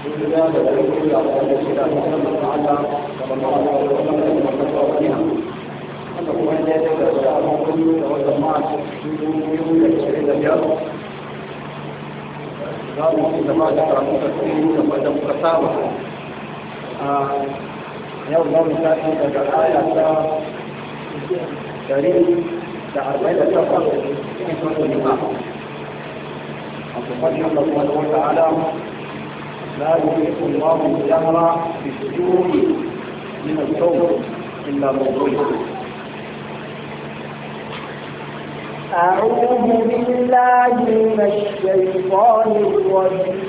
yau za mu tashi daga aya ta dari da arba'in da takwas cikin sauran lima. Abu Bakar Allah subhanahu wa ta'ala لا يحيط الله الجهر بالسوء من الصوت إلا موضوعه أعوذ بالله من الشيطان الرجيم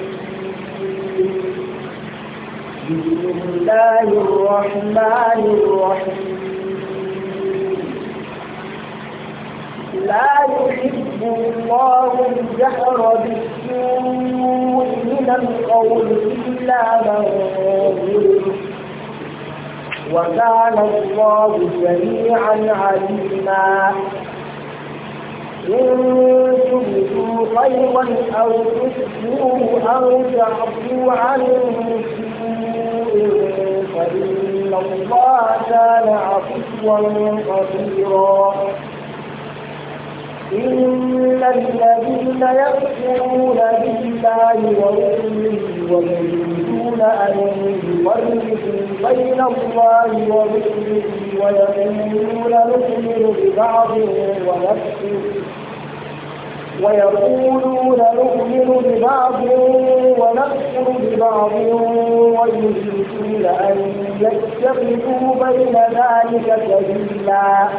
بسم الله الرحمن الرحيم لا يحب يحب الله الجهر بالسوء من القول إلا من ظلم وكان الله جميعا عليما إن تبدوا خيرا أو تخفوه أو تعفوا عن سوء فإن الله كان عفوا قديرا إن الذين يكفرون بالله ورسله ويريدون أن يفرقوا بين الله ورسله ويقولون نؤمن ببعض ونكفر ويقولون نؤمن ببعض ونكفر ببعض ويريدون أن يتخذوا بين ذلك سبيلا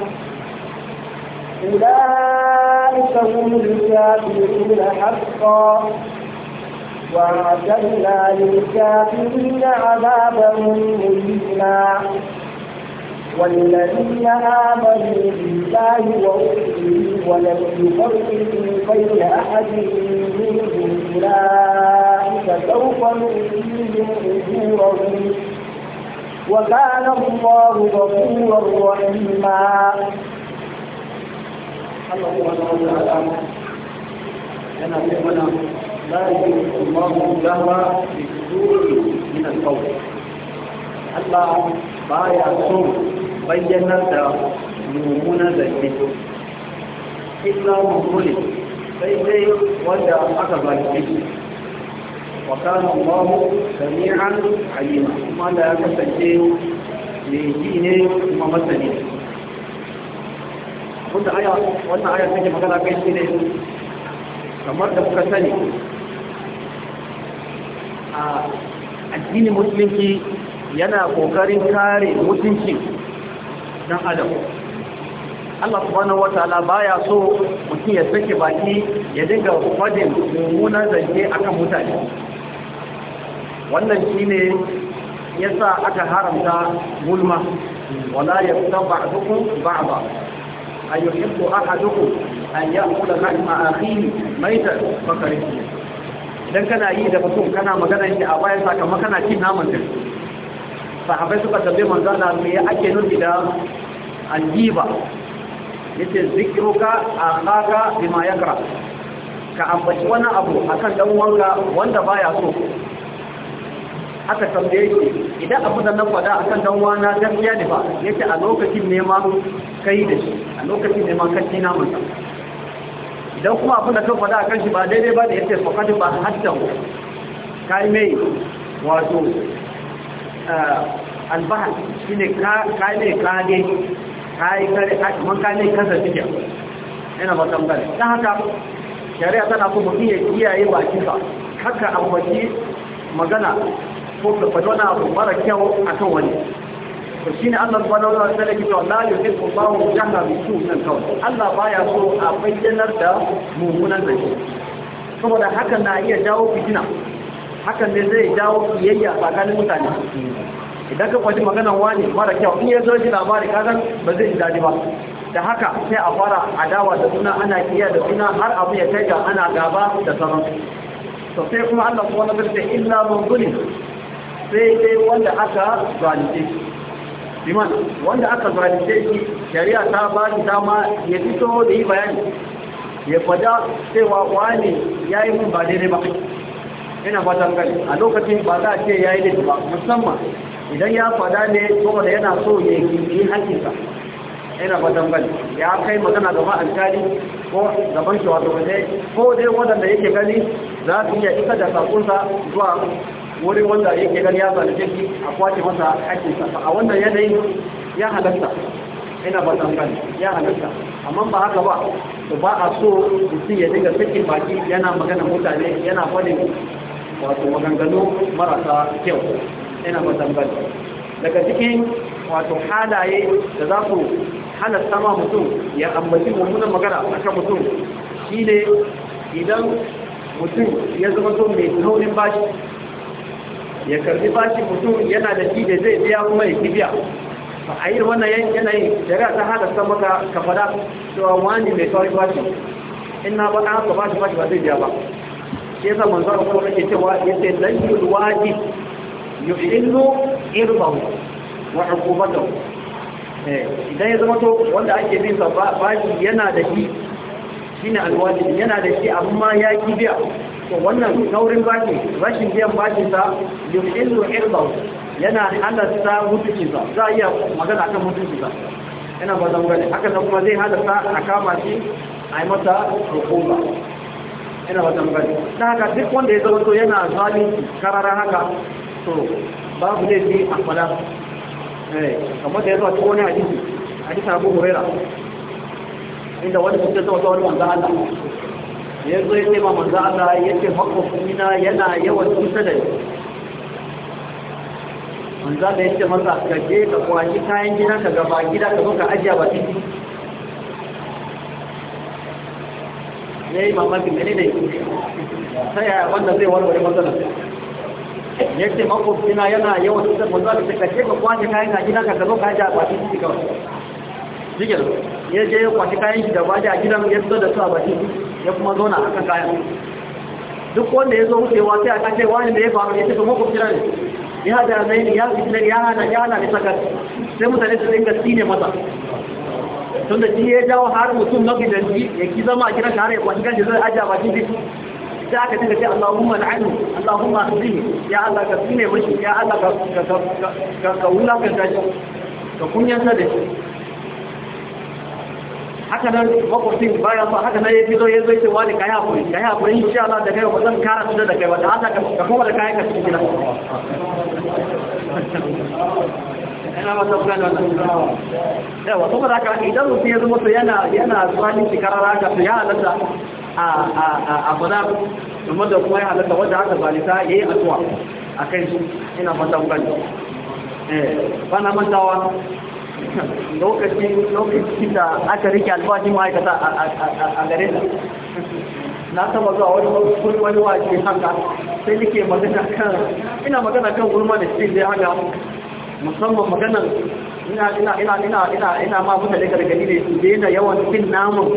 أولئك هم الكافرون حقا وأعتدنا للكافرين عذابا مهينا والذين آمنوا بالله ورسله ولم يفرقوا بين أحد منهم أولئك سوف نؤتيهم أجورهم وكان الله غفورا رحيما الله سبحانه وتعالى لنا بأمنا لا يجوز الله الجهر بالسوء من القول الله بايع صوم بينا نمونا ذلك إلا مظلم فإذا وجع أكبر الجسم وكان الله سميعا عليما ما لا يكسر شيء ليجيني وما مسني wanda aya wannan aya take magana kai shi ne kamar da kuka sani a addini musulunci yana kokarin kare mutunci dan adam Allah subhanahu wataala baya so mutum ya sake baki ya dinga fadin mummunan zance akan mutane wannan shine yasa aka haramta gulma wala yafta ba'da أيحب أحدكم أن يأكل لحم أخيه ميتا فكرهته idan kana yi da mutum kana magana shi a bayan sakamakon kana cin naman ka sahabai suka tambaye manzana me ake nufi da aljiba yace zikruka akhaka bima yakra ka ambaci wani abu akan dan uwanka wanda baya so aka tambaye shi idan abu da na faɗa akan dan wana gaskiya ne ba yace a lokacin ne ma kai da shi a lokacin ne ma kace na mun idan kuma abu da ka faɗa akan shi ba daidai ba da yace faqad ba haddan kai mai wato albahar shi ne kai mai kage kai kare kuma kai mai kansa cikin yana ba tambari dan haka shari'a tana kuma iya kiyaye kisa haka ambaci magana ko faɗi wani abu mara kyau a kan wani to shi ne Allah subhanahu wa ta'ala ke cewa la yuhibbu Allahu jahra bi kawai Allah baya so a bayyanar da mummunan zance saboda hakan na iya jawo fitina hakan ne zai jawo kiyayya tsakanin mutane idan ka kwaji maganar wani mara kyau in ya zo shi labari kagan ba zai ji daɗi ba da haka sai a fara adawa da suna ana kiya da suna har abu ya kai ga ana gaba da sauran to sai kuma Allah kuma na birta illa mun zulim sai dai wanda aka zalice shi wanda aka zalunce shi shari'a ta ba shi dama ya fito da yi bayani ya fada cewa wani ya yi mun ba daidai ba ina fatan gani a lokacin ba za a ce ya yi daidai ba musamman idan ya fada ne da yana so ya yi hankinsa ina fatan gani ya kai magana gaba alkali ko gaban shi wato ko dai waɗanda yake gani za su iya isa da sakunsa zuwa wurin wanda yake gani ya zalunce shi a kwace masa sa. a wannan yanayin ya halatta ina ba tsankan ya halatta amma ba haka ba to ba a so mutum ya dinga sakin baki yana magana mutane yana faɗin wato maganganu marasa kyau ina ba tsankan daga cikin wato halaye da za ku halatta ma mutum ya ambaci mummunan magana a kan mutum ne idan mutum ya zama so mai taurin bashi ya karfi bashi mutum yana da shi da zai biya kuma ya biya a yi wannan yanayi shari'a ta hadasta maka ka fada cewa wani mai kawai bashi in na faɗa haka bashi bashi ba zai biya ba shi yasa manzon Allah ke cewa yace lan yulwaji yuhillu irbahu wa uqubatahu eh idan ya zama to wanda ake bin sa bashi yana da shi shine alwaji yana da shi amma ya kibiya to wannan saurin bashi rashin biyan bashi sa yuhillu irbahu yana halasta mutunci sa za iya magana kan mutunci sa yana ba zan gane haka kuma zai halasta a kama shi a yi mata hukuma yana ba zan gane ta haka duk wanda ya zauto yana zalunci karara haka to babu laifi a fada eh, kamar da ya zuwa cikin wani hadisi hadisi abu huraira inda wani mutum zama to wani wanda Allah ya zo ya ce ma manzo Allah ya ce makwabcina yana yawan kusa da ni manzo Allah ya ce masa ka je ka kwashi kayan gida ka gaba gida ka zo ka ajiya ba titi ya yi mamaki mene ne ta yaya wanda zai warware matsalar ya ce makwabcina yana yawan kusa da manzo Allah ka je ka kwashi kayan gida ka zo ka ajiya ba titi kawai jikin ya je ya kayan shi da ba a gidan ya zo da su a bakin ya kuma zauna a kan kayan duk wanda ya zo wucewa sai a kace wani da ya faru ya tafi makwabci ne ya da zai ya fitina ya hana ya hana bisa kan sai mutane su dinga sine masa tun da shi ya jawo har mutum na gidanci ya ki zama a kiran shahara ya kwanci kan shi zai ajiya bakin shi sai aka dinga ce Allahumma na la'anu Allahumma azimi ya Allah ka sine mashi ya Allah ka ka ka ka wula ka ka da shi haka nan makwabcin bayan ba haka nan ya fito ya zai cewa ne kayi hakuri kayi hakuri insha Allah da kai ba zan kara su da kai ba da haka ka kuma da kayan ka cikin gida ina ba da haka idan mutum ya zama yana yana zalunci karara ka to ya halatta a a a fada kuma da kuma ya halatta wanda aka zalita yayi addu'a akai su ina fata kun gani eh bana mantawa lokacin lokacin da aka rike albashin ma'aikata a gare ta na taba zuwa wani wani wani waje haka sai nake magana kan ina magana kan gulma da shi zai haka musamman magana ina ina ina ina ina ina ma mutane gargadi ne su daina yawan cin namun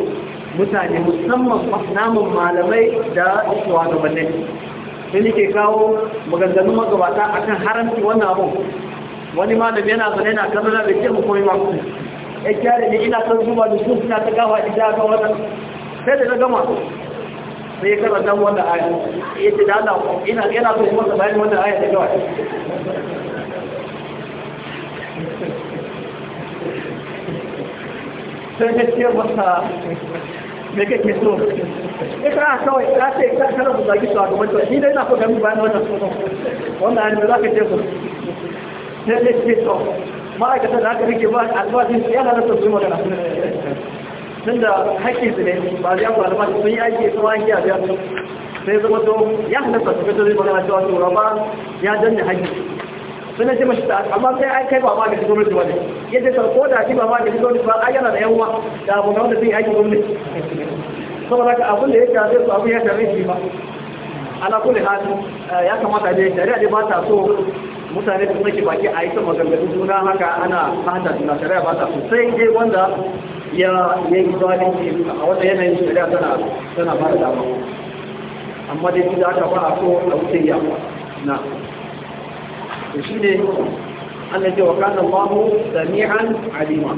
mutane musamman namun malamai da shugabanni sai nake kawo maganganun magabata akan haramci wannan abu wani malami yana zane na kamar da ke mu koyi ba ya kyare ne ina kan zuba da sun suna ta gawa ita ga wannan sai da na gama sai ya karanta wanda aya ya ce da Allah ina ina so kuma ta bayani wanda aya ta gawa sai ka ce masa me kake so ita ah, kawai ta ce ta kana buga gizo a gaban ta ni dai na so ga mu bayan wannan wannan an za ka ce ku lalle ce to ma'aikatan da aka rike ba albashin ya halatta su yi magana tun da haƙƙin su ne ba zai ba albashin sun yi aiki su ma aiki a biyar sai zama to ya halatta su fito zai magana cewa to rama ya danne haƙƙi sun ce mashi ta amma sai kai ba ma ga gwamnati ba ne yadda sarko da shi ba ma ga gwamnati ba ai yana da yawa da abu na wanda zai aiki gwamnati saboda ka abin da ya shafe su abin ya shafe shi ba ala kulli hal ya kamata dai shari'a da ba ta so mutane su sake baki a yi ta maganganun juna haka ana fata juna shari'a ba ta sosai dai wanda ya yi zalunci a wata yanayin shari'a tana tana ba da dama amma dai shi da aka ba a so a wuce ya na to shi ne Allah ya wa kana Allahu sami'an alima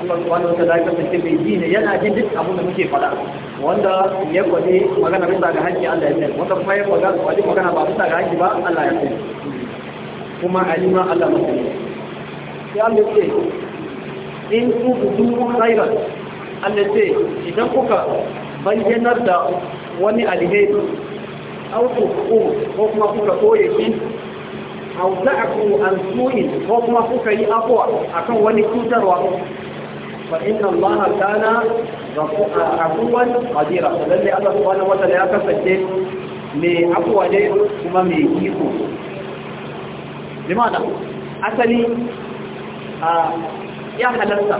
Allah subhanahu wa ta'ala ya kasance mai ji ne yana jin duk abin da muke faɗa wanda ya kwaje magana bisa ga haƙƙi Allah ya sani wanda kuma ya kwaje magana ba bisa ga haƙƙi ba Allah ya sani kuma alima Allah masani sai Allah ce in ku budu khairan Allah ce idan kuka bayyanar da wani alheri aw tuqu ko kuma kuka koye shi aw ta'ku an su'in ko kuma kuka yi afwa akan wani cutarwa fa inna Allah kana afuwan qadira lalle Allah subhanahu wa ta'ala ya kasance mai afwa ne kuma mai iko limana asali ya halarta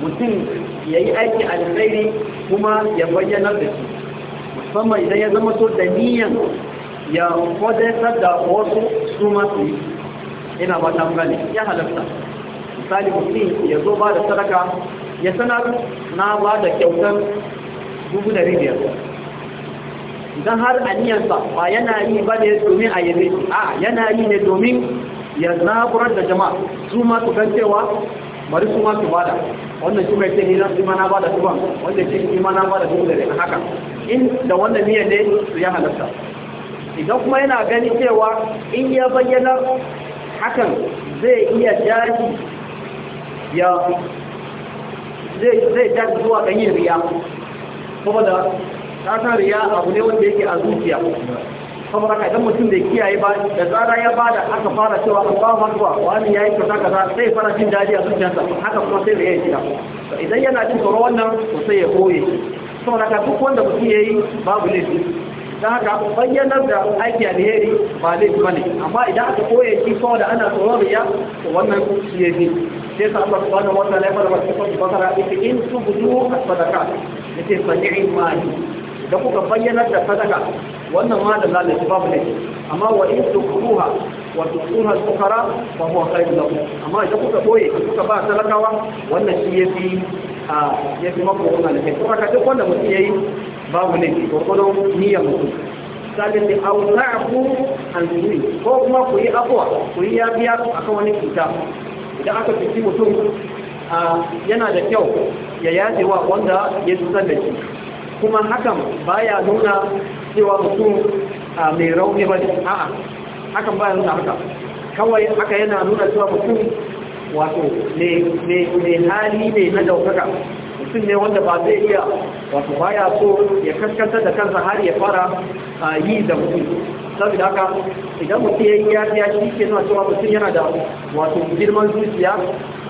mutum ya yi aiki alkhairi kuma ya bayyanar da shi musamman idan ya zama so da niyan ya kwadatar da wasu su masu ina ba ta ya halarta misali mutum ya zo ba da sadaka ya sanar na ba da kyautar dubu da idan har aniyarsa ba yana yi ba ne domin a yabe a yana yi ne domin ya zaburar da jama'a su ma su kan cewa bari su ma su bada wannan shi mai ce ni nan ima na bada duban wanda ce ima na bada dubu da daga haka in da wannan niyyar ne su ya halatta idan kuma yana gani cewa in ya bayyana hakan zai iya jari ya zai jari zuwa ganyen riya saboda ta riya abu ne wanda yake a zuciya saboda haka idan mutum da kiyaye ba da tsara ya bada aka fara cewa Allahu akbar wani yayi kaza kaza sai fara jin dadi a zuciyarsa haka kuma sai da kira idan yana jin tsoro wannan to sai ya koye saboda haka duk wanda mutum yayi babu laifi da haka bayyanar da aiki alheri ba ba ne. amma idan aka koye shi saboda ana tsoron riya to wannan shi yayi sai sa Allah subhanahu wa ta'ala ya fara cikin bakara ita in tubudu as-sadaqat yace fadi'in da kuka bayyana da sadaka wannan ma da lalata babu ne amma wa in tukuha wa tukuha sukara fa huwa khairun lakum amma idan kuka boye kuka ba talakawa wannan shi yafi a yafi mako wannan ne kuma ka duk wanda mutum yayi babu ne ko kono niyya mutum sadin da au ta'fu an yi ko kuma ku yi abuwa, ku yi yabiya akan wani cuta idan aka fiti mutum yana da kyau ya yaje wa wanda ya tsalla shi kuma hakan baya nuna cewa mutum ah, mai rauni ba a'a hakan baya nuna haka kawai haka yana nuna cewa mutum wato mai hali ne na daukaka mutum ne wanda ba zai iya wato baya so ya kaskanta da kansa har ya fara ah, yi da mutum saboda haka idan mutum ya yi ya shi ke nuna cewa mutum yana da wato girman zuciya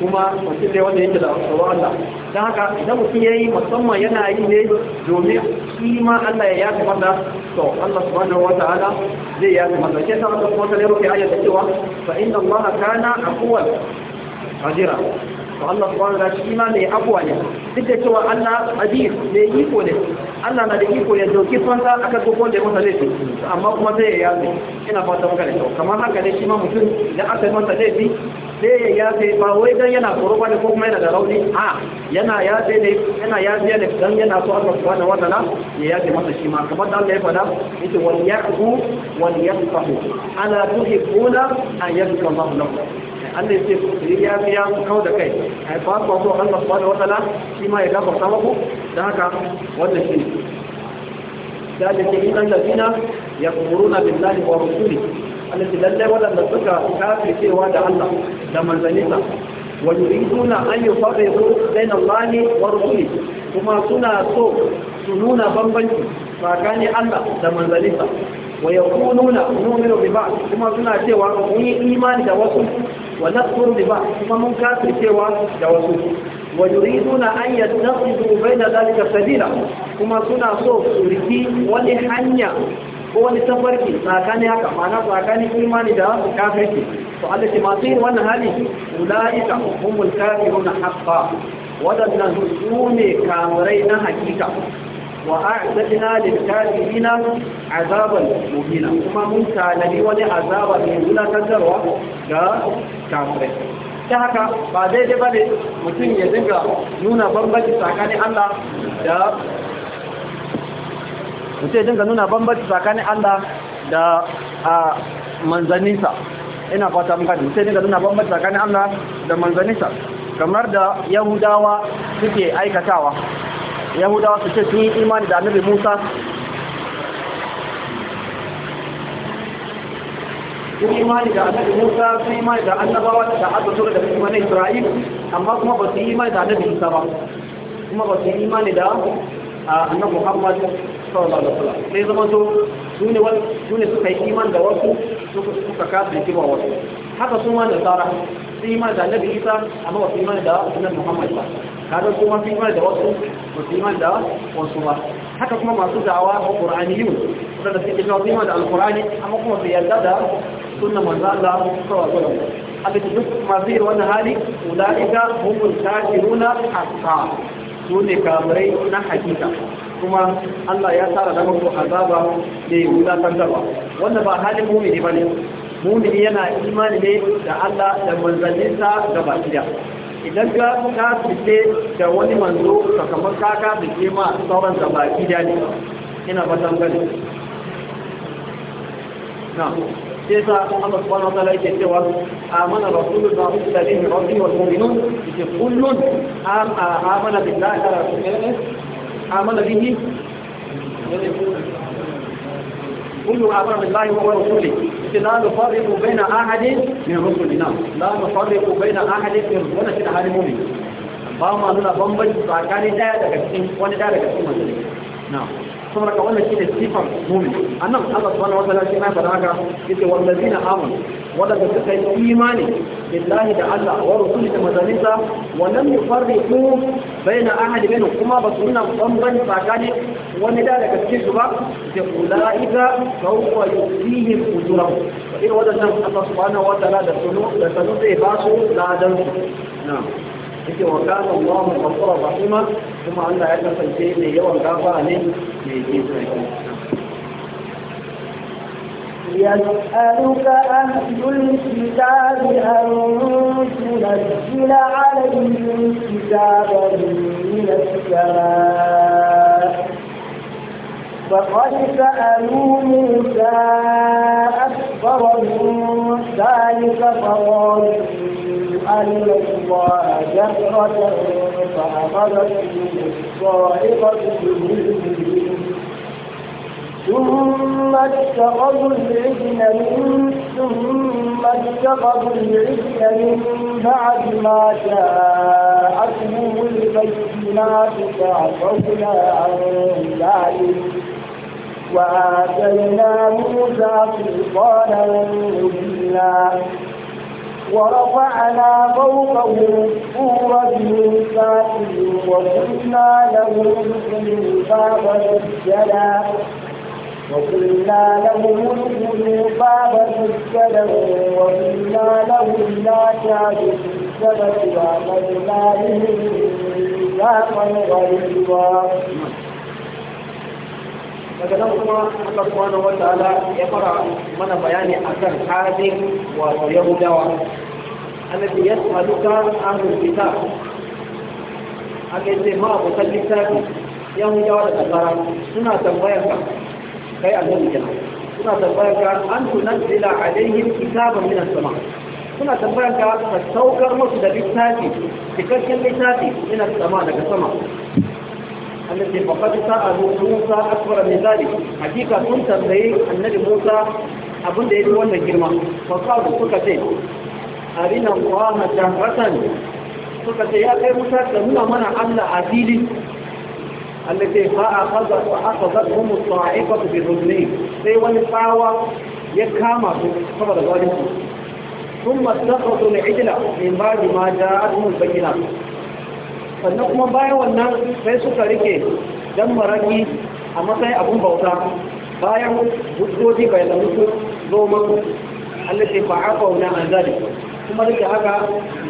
kuma mutum ne wanda yake da tsoron Allah don haka idan mutum yayi musamman yana yi ne domin shi ma Allah ya yafi masa to Allah subhanahu wa ta'ala zai yafi masa ke sa masa kuma ta ne rufe ayar da cewa fa inna Allah kana aqwal ajira to Allah subhanahu wa ta'ala shi ma mai afuwa ne duk da cewa Allah aziz mai iko ne Allah na da iko ya dauki fansa aka gogon da masa laifi amma kuma zai yafi ina fata maka ne to kamar haka ne shi ma mutum da aka yi masa laifi sai ya ce ba wai dan yana tsoro ba ne ko kuma yana da rauni a yana ya ce ne yana ya ce ne dan yana so Allah subhanahu wa ta'ala ya yafe masa shi ma kamar da Allah ya fada yace wal yaqu wal yaqfu ala tuhibuna an yaghfira Allahu lakum Allah ya ce ku ya ya ku kawo da kai ai ba ku so Allah subhanahu wa ta'ala shi ma ya ga gafarta muku dan haka wannan shi da ke yin ya kuruna billahi wa rasulihi التي لله ولا تكا كافي في وادع الله لما زنيتا ويريدون أن يفرقوا بين الله ورسوله كما سنة سوء سنون بمبنك فكان الله لما زنيتا ويقولون نؤمن ببعض كما سنة سوى إيمان دوسل ونذكر ببعض كما من كافي سوى دوسل ويريدون أن يتخذوا بين ذلك سبيلا كما سنة سوء سوريكي ولحنيا ko wani tafarki tsakanin haka mana tsakanin imani da kafirki to Allah ke masu yin wannan hali ulaika humul kafirun haqqa wadannan su ne kamurai na hakika wa da lil kafirina azaban muhina kuma mun tanadi wani azaba mai wulakantarwa ga kafirai ta haka ba daidai ba ne mutum ya dinga nuna bambanci tsakanin Allah da mutum ya dinga nuna bambanci tsakanin Allah da manzaninsa ina fata mun gani mutum ya dinga nuna bambanci tsakanin Allah da manzaninsa kamar da Yahudawa suke aikatawa Yahudawa su ce tun imani da Annabi Musa sun imani da annabi Musa sun imani da annabawa da aka tura da kuma na Isra'il amma kuma ba su yi imani da annabi Musa ba kuma ba su yi imani da annabi Muhammad sallallahu alaihi wasallam sai zama to sune wal sune suka yi iman da wasu suka suka kafin kima wasu haka su ma da tsara su iman da annabi isa amma wasu iman da sunan muhammad ba kaga su ma su iman da wasu wasu iman da wasu ba haka kuma masu da'awa a qur'aniyun wadanda suke kawo iman da alqur'ani amma kuma su yarda da sunan manzo Allah sallallahu alaihi wasallam abin duk masu yi wani hali ula'ika hukunta shiruna hatta su ne kamurai na hakika kuma Allah ya tara da muku azaba ne wulatantarwa wanda ba halin mumini ba ne mumini yana imani ne da Allah da manzanninsa da bakiya idan ka ka fice da wani manzo sakamakon ka ka fice ma sauran da bakiya ne ina ba fatan gani na sai sa Allah subhanahu wa ta'ala yake cewa amana rasulullah sallallahu alaihi wa sallam wal mu'minun kullun amana billahi wa rasulihi آمن به كل ما أمر بالله هو رسوله لا نفرق بين أحد من رسلنا لا نفرق بين أحد من رسلنا هذا المؤمن فهم أننا بمبج فأكاني داية تكتين وانا داية تكتين مثلي نعم ثم لك وانا كده صفة مؤمن أنا الله سبحانه وتعالى شيء ما يبراك يقول والذين آمنوا ولا تستطيع إيماني لله تعالى ورسوله كما ذلك ولم يفرقوا بين أحد منهم كما بصرنا مصنبا فاكاني ونذلك الكذب فأولئك سوف يؤتيهم أجورهم وإن وجد الله سبحانه وتعالى لتنطي باسه لا دنس نعم وكان الله مصر رحيما ثم أن أعلم فالسيد يوم كافة عليه في يسألك أهل الكتاب أن تنزل عليهم كتابا من السماء فقد سألوا موسى أكبر من ذلك فقالوا أن الله جهرة فأخذت الصاعقة بظلمهم ثم اتخذوا العجل من ثم اتخذوا العجل من بعد ما جاءتهم البينات فعفونا عن ذلك وآتينا موسى سلطانا مبينا ورفعنا فوقه الطور بميثاقه وقلنا له ادخل الباب سجدا وقلنا لهم اسجدوا فعبدوا الجبل وقلنا لهم لا تعبدوا الجبل وعملنا بهم ميثاقا غليظا daga nan kuma Allah subhanahu wataala ya fara mana bayani akan halin wato Yahudawa annabi ya tsaluka ahlul kitab aka ce ma abokan littafi Yahudawa da Nasara suna tambayar ka kai annabi kenan suna tambayar ka an tunzila alaihim kitaban min as-sama suna tambayar ka ka saukar musu da littafi cikakken littafi min as-sama daga sama التي فقد سألوا موسى أكبر من ذلك حقيقة كنت تنبيه النبي موسى أبن دي دولنا الجرمى فقالوا سكتين أرنا الله جهرة سكتين يا أخي nuna mana Allah a عزيلي التي فأخذت وأخذتهم الطائفة بظلمهم سي ونفاوة يكاما صبر ظالمهم ثم اتخذوا العجلة من بعد ما جاءتهم البينات sannan kuma bayan wannan sai suka rike dan maraki a matsayin abun bauta bayan hujjoji bai da musu zo musu Allah ce fa afauna an zalik kuma duka haka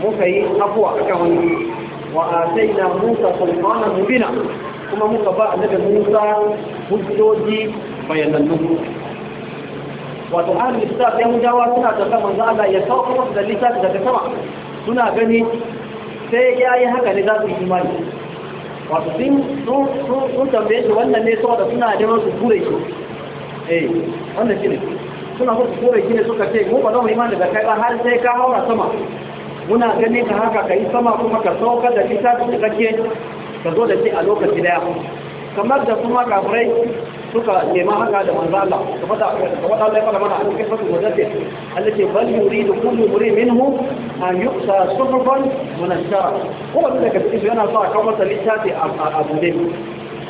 muka yi afuwa akan wani wa mubina kuma muka ba a daga Musa hujjoji bayanannu wato an lissa sai mun suna da kan za Allah ya sauko musu da lissa daga sama suna gani sai ya yi haka ne za su yi imani wato sun sun tambaye shi wannan ne saboda suna da wasu kure shi eh wannan shine suna so su kure shi ne suka ce mu ba za mu imani daga kai ba har sai ka haura sama muna ganin ka haka ka yi sama kuma ka sauka da lissa da kake ka zo da shi a lokaci daya kamar da kuma kafirai suka nema haka da manzo Allah ka fada ka fada Allah ya fara mana a cikin fasu wadace Allah ce bal yuridu kullu murid minhum an yuqsa suhufan munashara ko wanda ka ci yana sa ka masa littafi a bude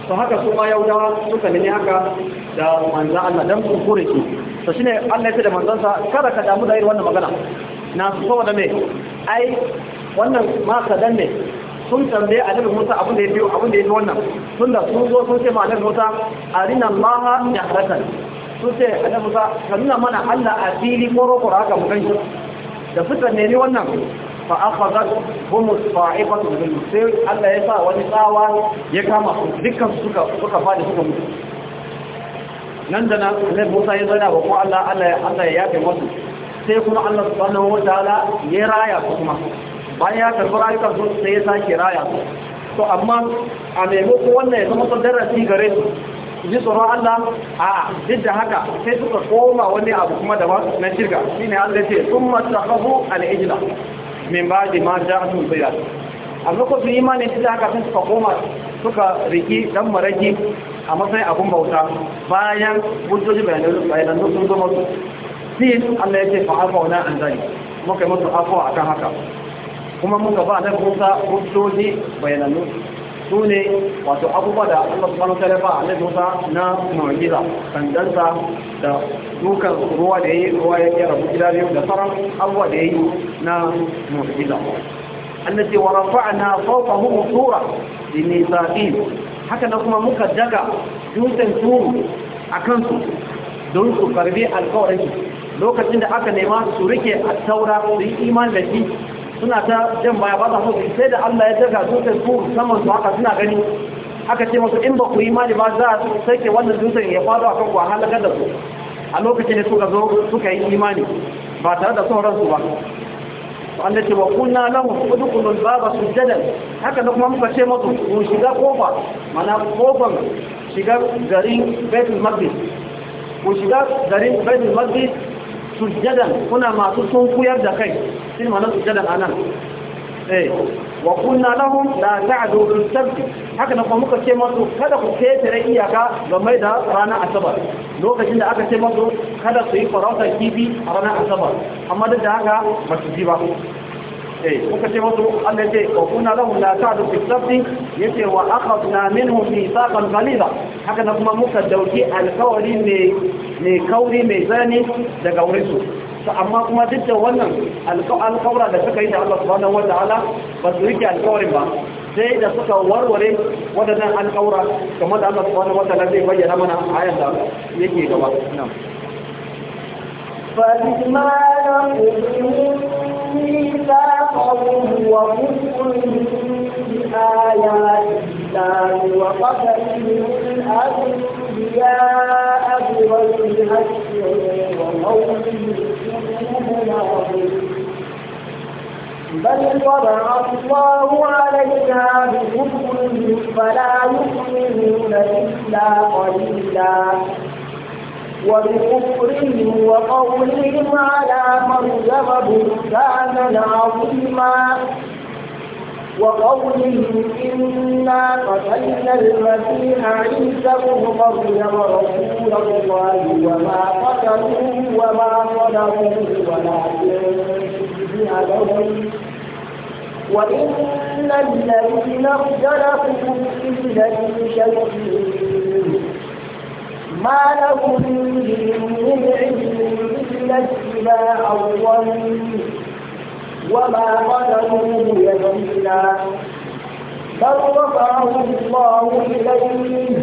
to haka su ma yaudawa suka nemi haka da manzo Allah dan ku kure shi to shine Allah ya ce da sa, kada ka damu da irin wannan magana na da me ai wannan ma kadan ne sun tambaye annabi Musa abin da ya biyo abin da ya fi wannan da sun zo sun ce ma annabi Musa arina Allah ya harakan sun ce annabi Musa ka nuna mana Allah a fili koro rokoro haka mu ganshi da suka nemi wannan fa akhadhat hum sa'ifatu bil sai Allah ya sa wani tsawa ya kama su dukkan suka suka fadi suka mutu nan da nan annabi Musa ya zauna ba ko Allah Allah ya Allah ya yafe musu sai kuma Allah subhanahu wa ta'ala ya raya su kuma bayan ya karɓi rayukan su sai ya sake raya to amma a maimako wannan ya zama darasi gare su ji tsoron Allah a duk da haka sai suka koma wani abu kuma da na shi ne Allah ce sun masu al al'ijila min ba da ma sun bayyat amma ko su imanin duk da haka sun suka koma suka riki dan maraki a matsayin abun bauta bayan hujjoji bayanan bayanan sun zo musu sin Allah ya ce fa'afa wani an zai muka yi musu a akan haka kuma muka ba nan musa hujjoji bayanannu su ne wato abubuwa da Allah subhanahu ta'ala ba Allah musa na mu'jiza sandansa da dukan ruwa da yayi ruwa ya kera gida biyu da sauran abubuwa da yayi na mu'jiza allati wa rafa'na fawqahum tura linisaqin haka na kuma muka daga dutsen turu akan su don su karbi alƙawarin lokacin da aka nema su rike a taura su yi iman da shi suna ta jan baya ba za su fi. sai da Allah ya daga su ta su saman su haka suna gani aka ce masu in ba ku yi mali ba za su sake wannan dutsen ya a akan ku a halakar da su a lokacin da suka zo suka yi imani ba tare da sauran su ba wanda ce wa kunna ba udkhulul baba sujadan haka da kuma muka ce masu, ku shiga kofa mana kofar shiga garin betul Maqdis ku shiga garin betul Maqdis sujjadan kuna masu sunkuyar da kai shi ma na sujjadan anan eh wa kunna lahum la ta'du fi sabt haka na kuma muka ce masu kada ku ketare iyaka game da ranar asabar lokacin da aka ce masu kada su yi farautar kifi a ranar asabar amma duk da haka ba su ji ba eh kuka ce wasu Allah ce ko kuna lahu la ta'du fi sabti yace wa akhadna minhu fi saqan qalila haka na kuma muka dauki alkawari ne ne kauri mai zani daga wurin su amma kuma duk da wannan alkawara da suka yi da Allah subhanahu wataala ba su rike alkawarin ba sai da suka warware wadannan alkawara kamar da Allah subhanahu wataala zai bayyana mana ayan da yake gaba na'am فبما نقضهم ميثاقهم وكفرهم بآيات الله وقتلهم الأنبياء بغير حق وقولهم بل طبع الله عليها بكفرهم فلا يؤمنون إلا قليلا وبكفرهم وقولهم على مريم بهتانا عظيما وقولهم إنا قتلنا المسيح عيسى بن مريم رسول الله وما قتلوه وما صنعوه ولكن لهم وإن الذين اختلفوا في لفي شيء ما لهم من علم إلا اتباع وما ظلموه يدينا بل رفعه الله إليه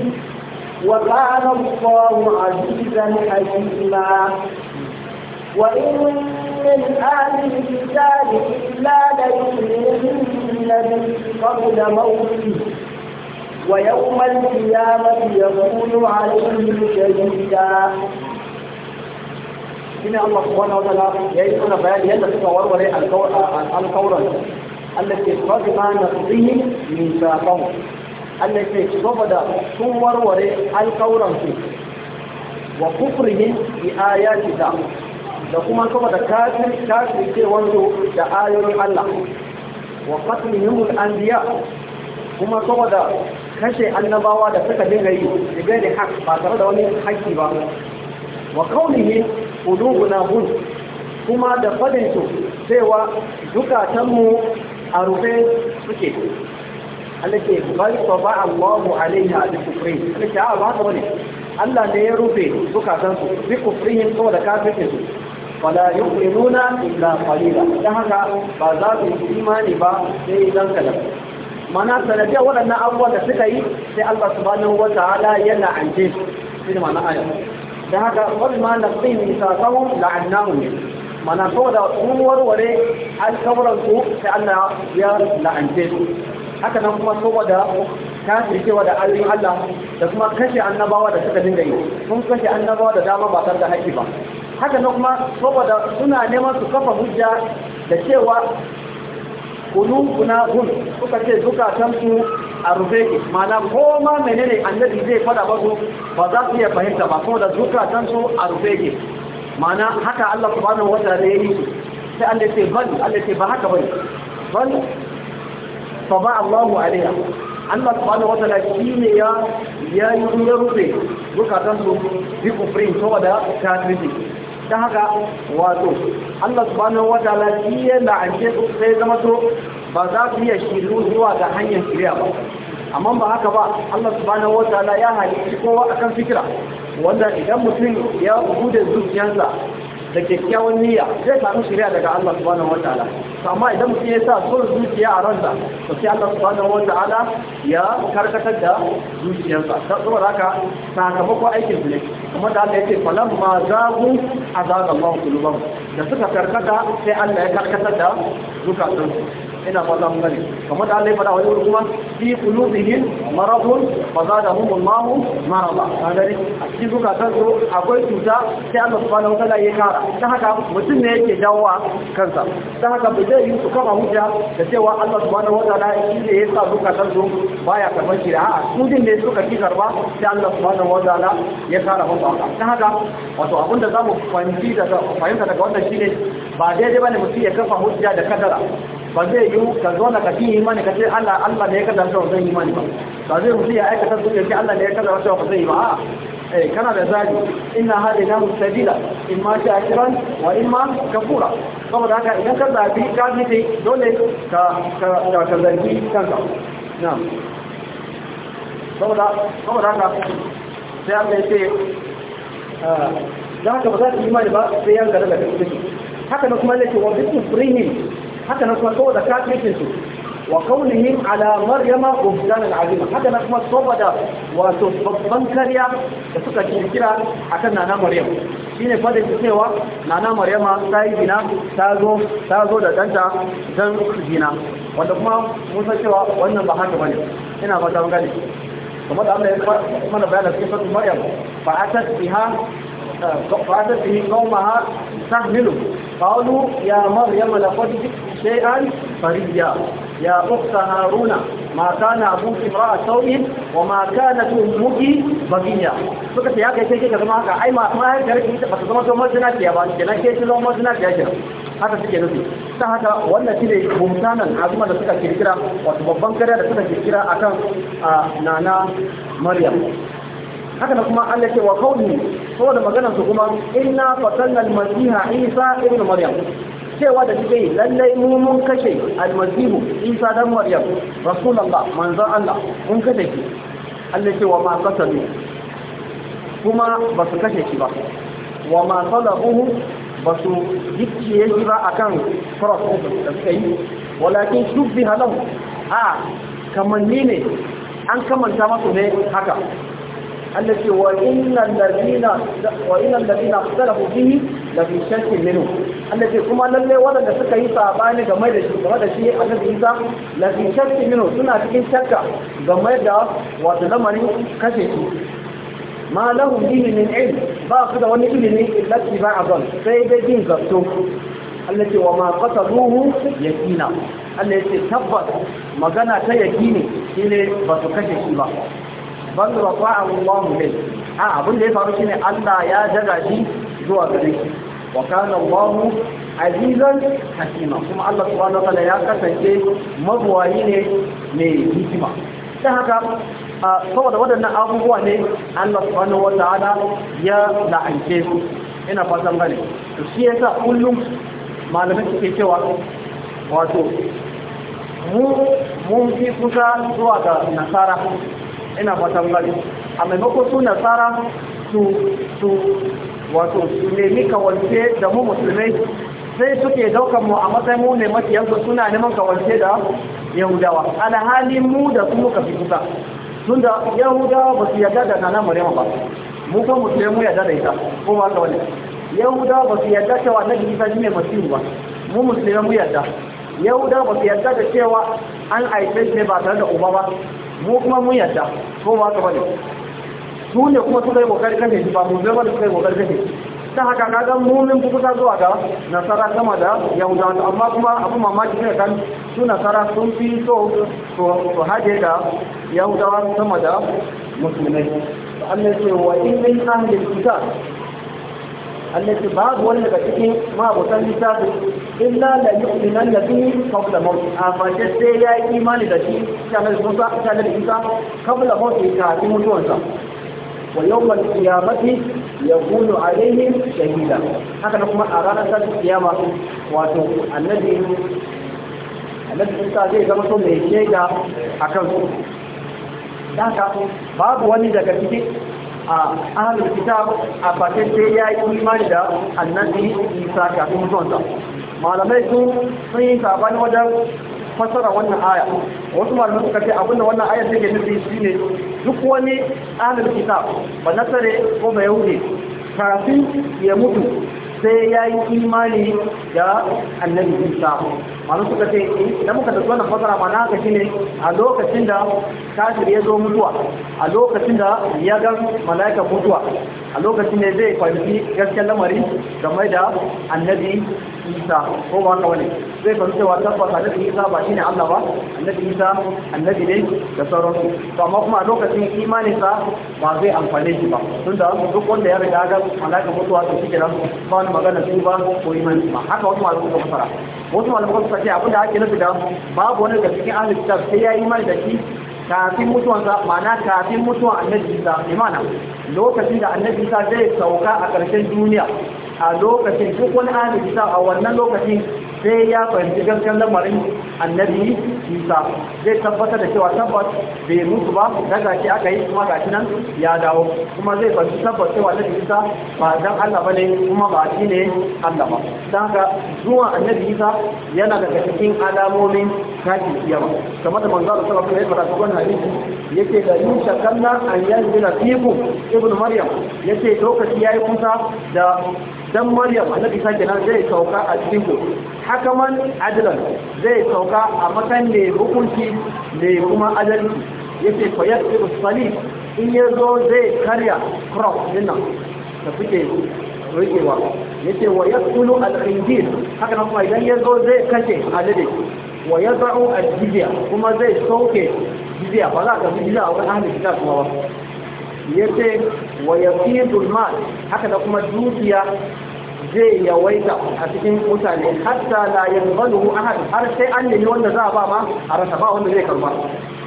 وكان الله عزيزا حكيما وإن من أهل الكتاب إلا ليؤمنن به قبل موته ويوم القيامة يكون عليهم شهيدا إن الله سبحانه وتعالى يقول بيان يد التصور ولي الكورة التي نقضيه من ميثاقهم التي قبض صور ولي القول وكفره بآيات الله da kuma كافر كافر كي وانتو تآيون الله وقتلهم الأنبياء Allah wa kashe annabawa da suka dinga yi da hak ba tare da wani haƙƙi ba wa kaunihi qulubuna bun kuma da fadinsu su cewa dukatanmu a rufe suke Allah ke bal fa ba Allahu alaiha bi kufri Allah a ba haka bane Allah ne ya rufe dukatan su bi kufrihim saboda kafircin su fala yu'minuna illa qalila dan haka ba za su imani ba sai dan kadan mana sanadiyar waɗannan abubuwan da suka yi sai Allah subhanahu wa ta'ala ya la'ance su shi ne mana aya dan haka wal ma naqim misaqahum ne. mana saboda mun warware alkawran su sai Allah ya la'ance su haka nan kuma saboda kafircewa da ayoyin Allah da kuma kashe annabawa da suka dinga yi sun kashe annabawa da dama ba tare da haƙƙi ba haka na kuma saboda suna neman su kafa hujja da cewa qulubuna ghul suka ce zukatan su a rufe ki mana koma menene annabi zai fada ba su ba za su iya fahimta ba kuma da zukatan su a rufe ki mana haka Allah subhanahu wataala ya yi sai Allah ya ce bal Allah ce ba haka bane bal fa ba Allahu alaiha Allah subhanahu wataala shine ya ya yi rufe zukatan su bi kufrin saboda kafirci ta haka wato Allah subhanahu wa ta'ala shi ya la'ance su sai zama to ba za su iya shiru zuwa ga hanyar shirya ba amma ba haka ba Allah subhanahu wa ta'ala ya halicci kowa akan fikira wanda idan mutum ya gude zuciyarsa da kyakkyawan niyya zai samu shirya daga Allah subhanahu wataala amma idan mutum ya sa son zuciya a ranta to sai Allah subhanahu wataala ya karkatar da zuciyarsa ta saboda haka sakamako aikin su ne kuma da Allah yake falam ma zagu azaba Allah kulubam da suka karkata sai Allah ya karkatar da zukatansu ina faɗa mun gani kamar da Allah ya faɗa wani kuma fi qulubihim maradun fa zadahum Allah marada ka gani a cikin zukatan su akwai cuta sai Allah subhanahu ta'ala ya kara ta haka mutum ne yake jawowa kansa ta haka ba yi su kama hujja da cewa Allah subhanahu ta'ala shi ne ya sa ta zo baya karban shi da a'a su din ne suka ci karba sai Allah subhanahu ta'ala ya kara musu haka ta haka wato abinda zamu fahimci daga fahimta daga wannan shine ba daidai bane mutum ya kafa hujja da kadara ba zai yi ka zo na kafin imani ka ce Allah Allah ne ya kaza ta zan imani ba ba zai mutu ya aikata su ke Allah ne ya kaza ta ba zai ba eh kana da zabi inna hadina mustabila in ma shakiran wa in ma kafura saboda haka idan ka zabi ka bi dole ka ka ka zargi kanka na saboda saboda haka sai an ya ce ah, da haka ba za ka imani ba sai yanka daga cikin haka na kuma yake wa bisu frihim حتى نسمى صوبة كات مثلته وقولهم على مريم غفلان العظيمة حتى نسمى صوبة وتضبطن كريا يسوك الكثيرة حتى نانا مريم شيني فادي تسيوا نانا مريم سايد بنا سازو سازو دا دانتا زن خزينا ودقما موسى سيوا وانا بحاجة مريم هنا فتاو غالي وما دعمنا يسمعنا بيانا سيسوة مريم فعتت بها آه، فعتت به قومها تحمله قالوا يا مريم لقد جئت شيئا فريا يا أخت هارون ما كان أبوك امرأة سوء وما كانت أمك بغية suka ce ya kai sai ka zama haka ai ma kuma har gare ba ta zama zama zina ya ba ke nan ke shi zama zina ya ke haka suke nufi ta haka wannan shine mutanen azuma da suka kirkira wato babban kare da suka kirkira akan nana maryam haka na kuma Allah ce wa kauni saboda maganar su kuma inna fatalna al-masiha isa ibn maryam cewa da suke yi lallai mu mun kashe almasihu isa dan maryam rasulullah manzon allah mun kashe shi allah ce wa ma qatalu kuma ba su kashe shi ba wa ma salabuhu ba su gicciye shi ba akan cross da suka yi walakin shubbiha lahu a ah, kamanni ne an kamanta masu ne haka التي وإن الذين وإن الذين اختلفوا فيه لفي شك منه التي كما لله ولا نسك يسا باني كما يدشي كما يدشي الذي يسا لفي شك منه سنة تكين شك كما يدى وتلمني كشيشي ما لهم به من علم باخذ ونقلني إلا اتباع ظن سيدي دين قصتم التي وما قتلوه يكينا التي تبت مغانا تيكيني إلي بسكشي شبا bal rafa'ahu Allah min a abin da ya faru shine Allah ya daga shi zuwa gare shi wa kana Allah azizan hakima kuma Allah subhanahu ya kasance mabuwayi ne mai hikima ta haka saboda waɗannan abubuwa ne Allah subhanahu ya la'ance su ina fatan gane to shi yasa kullum malamai suke cewa wato mu mun fi kusa zuwa ga nasara ina fatan gari a maimakon su nasara su su wato su nemi kawance da mu musulmai sai suke daukan mu a matsayin mu ne mafiyansu suna neman kawance da yahudawa alhali mu da su muka fi kusa tun da yahudawa ba su yarda da nana murema ba mu kan musulmai mu yarda da ita ko ba ka wani yahudawa ba su yarda cewa na isa shi ne masihu ba mu musulmai mu yarda yahudawa ba su yarda da cewa an haife shi ne ba tare da uba ba mu kuma mun yadda ko ba ka bane su ne kuma suka yi kokari kan shi ba mu zai da suka yi kokari kan shi ta haka mu mumin ku ta zuwa ga nasara sama da yahudawa amma kuma abu mamaki ne kan su nasara sun fi so su haje da yahudawa sama da musulmai Allah ce wa in min ahli kitab Allah ce babu wani daga cikin mabutan littafi illa la yu'minan da su kabla mawt a face sai ya yi imani da shi kana da musa kana da isa kabla mawt ka fi mutuwansa wa yawmal qiyamati yakunu alaihim shahida haka kuma a ranar tashin kiyama wato annabi annabi isa zai zama so mai shaida a kansu haka babu wani daga cikin a ahalin kitab a fatan sai ya yi imani da annabi isa kafin zuwansa malamai sun sun yi sabani wajen fasara wannan aya wasu malamai suka ce abinda wannan aya take nufi shine duk wani ahlul kitab ba nasare ko ba yahudi kafin ya mutu sai ya yi imani da annabi isa malu suka ce idan muka tafi wannan fasara ma na kashi ne a lokacin da kafir ya zo mutuwa a lokacin da ya ga mala'ika mutuwa a lokacin ne zai fahimci gaskiyar lamari game da annabi isa ko ba haka wani zai fahimci cewa tabbata annabi isa ba shine allah ba annabi isa annabi ne da sauransu to amma kuma a lokacin imaninsa ba zai amfane shi ba tunda duk wanda ya riga ga mala'ika mutuwa to shi kenan ba wani magana su ba ko imanin ba haka wasu malamu suka fasara wasu malamu suka abin da ake nufi da babu wani daga cikin ahli kitab sai ya yi mai da shi kafin sa ma'ana kafin mutuwan annabi isa imana lokacin da annabi isa zai sauka a karshen duniya a lokacin duk wani ahli kitab a wannan lokacin sai ya fahimci gaskiyar lamarin annabi isa zai tabbatar da cewa tabbas bai mutu ba daga ce aka yi kuma ga nan ya dawo kuma zai faɗi tabbas cewa annabi isa ba dan Allah ba ne kuma ba shi ne Allah ba don haka zuwa annabi isa yana daga cikin alamomin kafin kiyama kamar da manzo Allah sallallahu alaihi wasallam ya faɗa hadisi yake da yusha kanna an da fiku ibnu maryam yace lokaci yayi kusa da dan maryam annabi isa kenan zai sauka a cikin ku man adlan zai sauka a matan ne hukunci ne kuma adalci yace fa yaqtu salib in yazo zai karya cross dinnan da suke rikewa yace wa yaqtulu al-khindir haka nan kuma idan yazo zai kace adade wa yad'u al-jizya kuma zai sauke jizya ba za ka jizya wa ahli kitab kuma ba yace wa yaqidul mal haka da kuma dukiya zai yawaita a cikin mutane hatta la yanzalu ahad har sai an nemi wanda za a ba ma a rasa ba wanda zai karba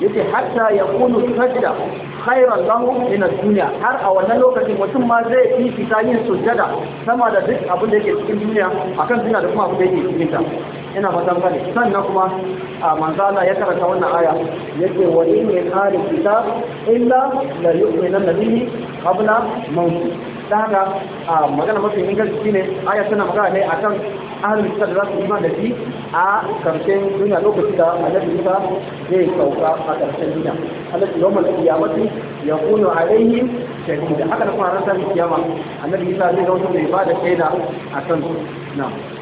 yace hatta yakunu sajda khairan lahu min ad-dunya har a wannan lokacin mutum ma zai fi fita yin sujjada sama da duk abin da yake cikin duniya akan zina da kuma abin da yake cikin ta ina matan bane sannan kuma a manzala ya karanta wannan aya yake wa in min ahli kitab illa la yu'minu bihi qabla mawt daga a magana mafi inganci shine aya tana magana ne akan ahli kitab da su iman da shi a karshen duniya lokacin da annabi Musa zai sauka a karshen duniya Allah yawmal qiyamati yakunu alaihim shahida haka da kuma ran kiyama annabi Isa zai zama mai ba da shaida akan su na'am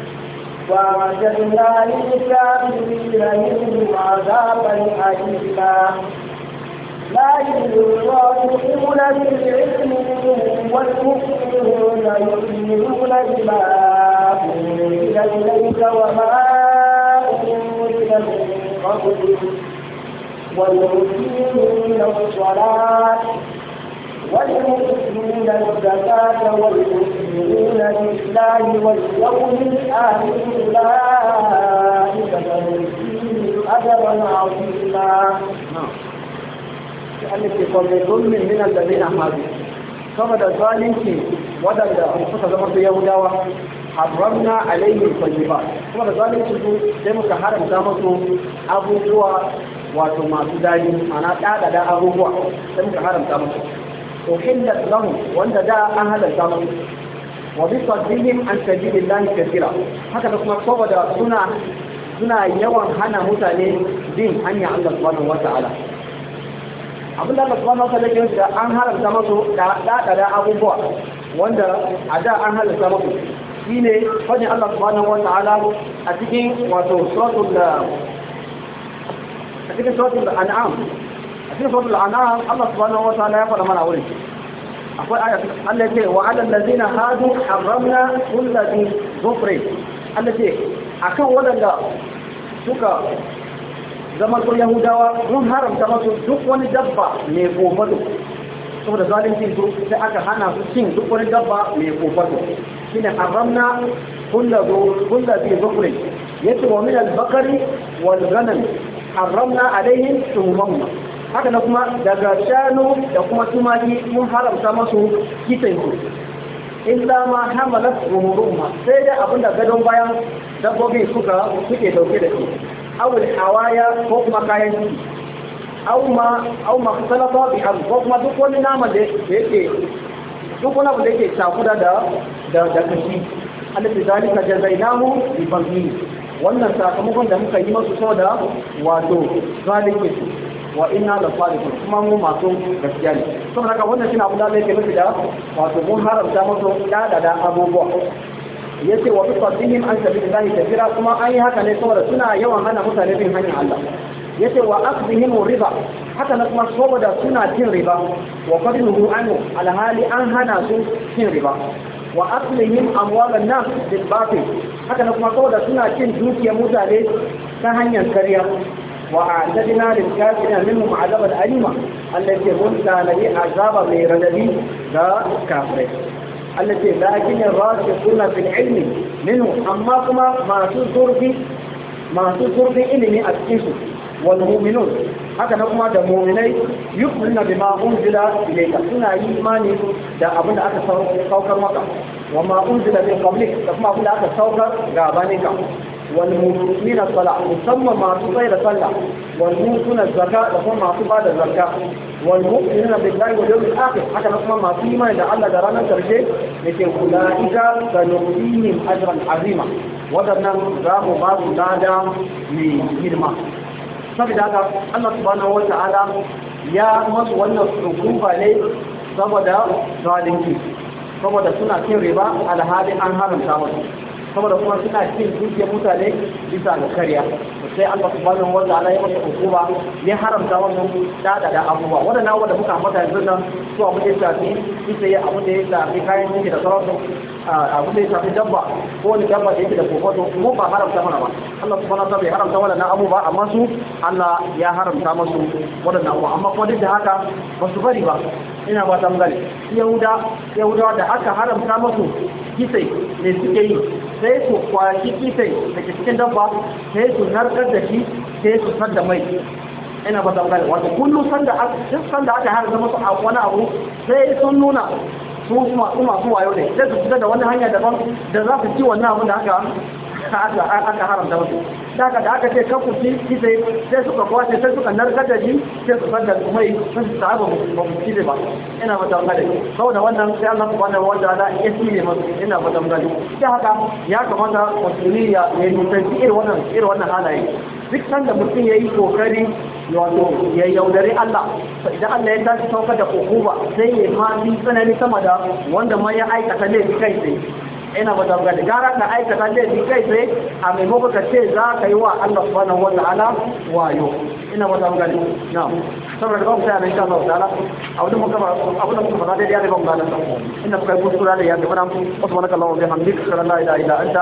وأعجبنا للكافرين منهم عذابا أليما لكن الصالحون بالعلم والمؤمنون يؤمنون بما أنزل إليك وما أنزل من قبلك والمؤمنين الصلاة والمؤمنين الزكاة والمؤمنون بالله واليوم الآخر أولئك سنؤتيهم أجرا عظيما. التي قبل ظلم من الذين هادوا كما ذلك ودل أنفسها زمن يهودا حرمنا عليه الطيبات كما ذلك sai muka haramta musu abubuwa wato masu daɗi ana ɗaɗa da abubuwa sai muka haramta musu أحلت لهم وأن دا أهل الزمن وبصدهم عن سبيل الله كثيرا هكذا كما صبد سنة suna yawan hana mutane bin hanya Allah subhanahu wata'ala abin da Allah subhanahu wata'ala ke da an haramta masu da abubuwa wanda a da an halarta masu shine fadin Allah subhanahu wata'ala a cikin wato suratul a cikin suratul an'am cikin suratul an'am Allah subhanahu wa ta'ala ya faɗa mana wurin akwai aya Allah ce wa 'alal ladzina hadu harramna kullu dhi dhufri Allah ce akan wadanda suka zama ko yahudawa mun haramta masu duk wani dabba mai kofado saboda zalunci su sai aka hana su cin duk wani dabba mai kofado shine haramna kullu kullu dhi yace wa min al-bakari wal ghanam حرمنا عليهم شهومهما haka na kuma daga shanu da kuma tumaki mun haramta masu kitan su illa ma hamalat umurumma sai dai abinda gadon bayan dabbobi suka suke dauke da su. awul hawaya ko kuma kayan su aw ma aw ma salata bi har ko kuma duk wani nama da yake duk wani abu da yake takuda da da da kashi alladhi zalika jazainahu bi fadlihi wannan sakamakon da muka yi masu saboda wato zalike su wa ina la sadiqun kuma mu masu gaskiya ne saboda haka wannan shine abin da Allah yake nufi da wato mun haramta musu ɗaɗaɗa abubuwa Ya ce wa fi fadlihim an sabilillahi kathira kuma an yi haka ne saboda suna yawan hana mutane bin hanyar Allah Ya ce wa akhdihim riba haka na kuma saboda suna cin riba wa qadruhu anhu alhali an hana su cin riba wa aslihim amwalan nas bil batil haka na kuma saboda suna cin dukiyar mutane ta hanyar kariya وأعتدنا للكافرين منهم عذابا أليما التي كنت لدي عذابا لرددي لا كافرين التي لكن الراس كنا في العلم منهم أما كما ما تذكر في ما تذكر في علم أكتشف والمؤمنون haka na kuma da mominai yuk minna bi ma unzila ilayka suna yi imani da abin da aka saukar maka wa ma unzila bil qablik da kuma abin da aka saukar gaba ka wal mutumin sala musamman masu sai sallah wal mutun zakka da kuma masu ba da zakka wal mu'minuna billahi wal yawmil akhir haka kuma masu imani da Allah da ranar karshe yake kula ida sanufihim ajran azima wadannan za mu ba su mai girma saboda haka Allah subhanahu wata'ala ya masu wannan hukuma ne saboda zalunci saboda suna cin riba alhali an haramta musu saboda kuma suna cin dukiyar mutane bisa ga karya sai Allah subhanahu wa ta'ala ya masa hukuma ya haramta wannan dada da abubuwa wadannan wanda muka ambata yanzu nan su abu da ya shafi ita ya abu da ya shafi kayan ciki da sauransu abu da ya shafi dabba ko wani dabba da yake da kofato mu ba haramta mana ba Allah subhanahu wa ta'ala ya haramta wadannan abubuwa amma su Allah ya haramta masu wannan abubuwa amma kuma duk da haka ba su bari ba ina ba ta yauda yauda da aka haramta masu kisai ne suke yi sai su kwashi kisai da ke cikin dabba sai su narkar da shi sai su san da mai ina ba ta gani wata kullum san aka duk da aka haɗa zama a wani abu sai sun nuna su masu masu wayo ne sai su fita da wani hanya daban da za su ci wannan abin da aka aka aka haramta musu daga da aka ce kafu ci kisa sai suka kwace sai suka narkar da shi sai su fadda kumai sun su sahaba ba mu ci ba ina ba mata gani da wannan sai Allah subhanahu wa ta'ala ya tsire musu ina ba mata gani sai haka ya kamata musulmi ya yi mutunci irin wannan irin wannan halaye duk da mutum ya yi kokari wato ya yaudari Allah idan Allah ya tashi saukar da hukuma sai ya yi ma tsanani sama da wanda ma ya aikata ne kai tsaye ina ba dabga da gara ka ta laifi kai sai a mai mako ka ce za ka yi wa Allah subhanahu wata'ala wayo ina ba dabga da na saboda ga mu sai amin kaza ta'ala abin muka ba abin muka fara da yare ba ga da ina kai ku kuskura da ya ga wannan wa subhanaka allahumma wa bihamdika ashhadu an la ilaha illa anta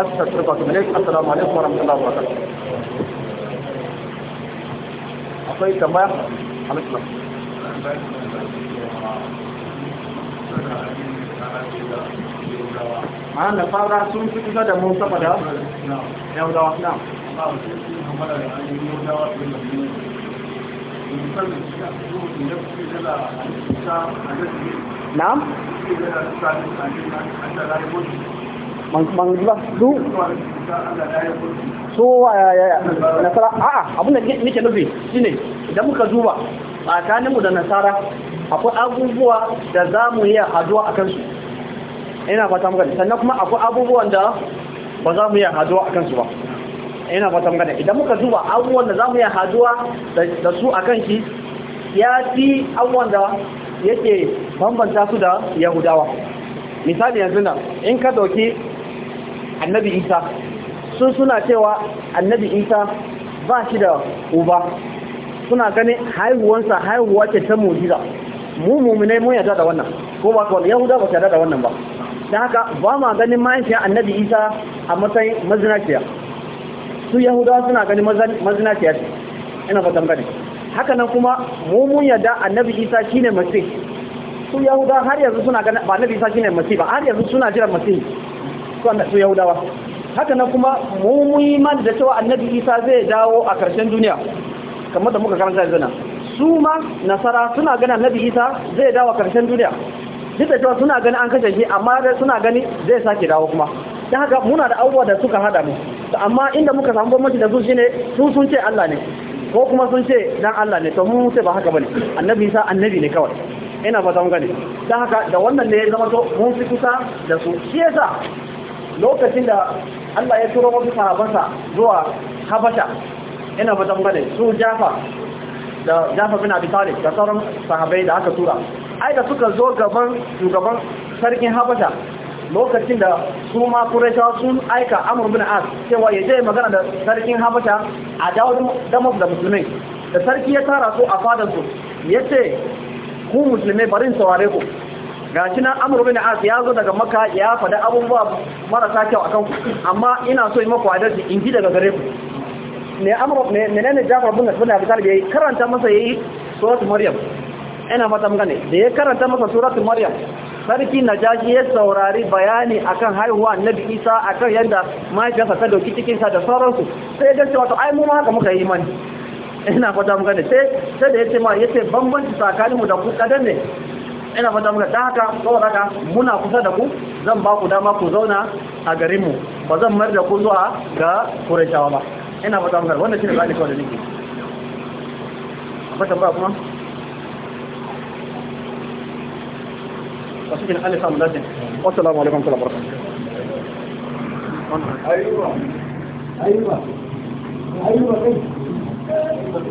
astaghfiruka wa atubu assalamu alaikum wa rahmatullahi wa barakatuh akwai tambaya alaikum Thank you. ma'ana fara sun fi kusa da mun saba da yahudawa na na'am man ba su so nasara a'a abin da nake nufi shine da muka duba tsakaninmu da nasara akwai abubuwa da za mu yi haduwa a kansu ina fata muka sannan kuma akwai abubuwan da ba za mu yi haduwa a kansu ba ina fata muka idan muka zuba abubuwan da za mu yi haduwa da su a kanki ya fi abubuwan da yake bambanta su da yahudawa misali yanzu nan in ka dauki annabi isa sun suna cewa annabi isa ba shi da uba suna ganin haihuwansa haihuwa ce ta mujiza mu muminai mun yarda da wannan ko ba ko yahuda ba yarda da wannan ba da haka ba ma ganin mahaifiyar annabi isa a matsayin mazinaciya su yahudawa suna ganin mazinaciya ce ina fatan gani haka nan kuma mummun yadda annabi isa shine masi su yahudawa har yanzu suna ganin ba annabi isa shine masi ba har yanzu suna jiran masi su yahudawa haka nan kuma yi iman da cewa annabi isa zai dawo a karshen duniya kamar da muka karanta yanzu na su ma nasara suna ganin annabi isa zai dawo a karshen duniya duk da cewa suna gani an kashe shi amma dai suna gani zai sake dawo kuma dan haka muna da abubuwa da suka hada mu amma inda muka samu gwamnati da su shine su sun ce Allah ne ko kuma sun ce dan Allah ne to mu ce ba haka bane annabi sa annabi ne kawai ina fata mun gane dan haka da wannan ne ya zama to mun fi kusa da su shi yasa lokacin da Allah ya turo wasu sahabansa zuwa Habasha ina fata mun gane su Jafa da Jafa bin Abi Talib da sauran sahabbai da aka tura ai da suka zo gaban shugaban sarkin habasha lokacin da su ma kurashawa sun aika amur bin as cewa ya je magana da sarkin habasha a dawo da musulmi da sarki ya tara su a fadansu ya ce ku musulmi barin saware ku ga shi na amur bin as ya zo daga maka ya faɗi abubuwa marasa kyau a ku amma ina so yi maku adalci in ji daga gare ku ne amur ne ne jafar bin as ya karanta masa yayi suratul maryam ina fata mun gane da ya karanta masa suratul maryam sarki najashi ya saurari bayani akan haihuwa annabi isa akan yanda mahaifiyarsa ta dauki cikin sa da sauransu sai ya cewa wato ai mu ma haka muka yi imani ina fata mun gane sai sai da yace ma yace bambanci tsakaninmu da ku kadan ne ina fata gane da haka saboda haka muna kusa da ku zan ba ku dama ku zauna a garin mu ba zan mar da ku zuwa ga Qurayshawa ba ina fata muka wannan shine zalika wanda nake ba tambaya kuma وصفي نحل فهم والسلام عليكم ورحمة الله وبركاته أيوة أيوة أيوة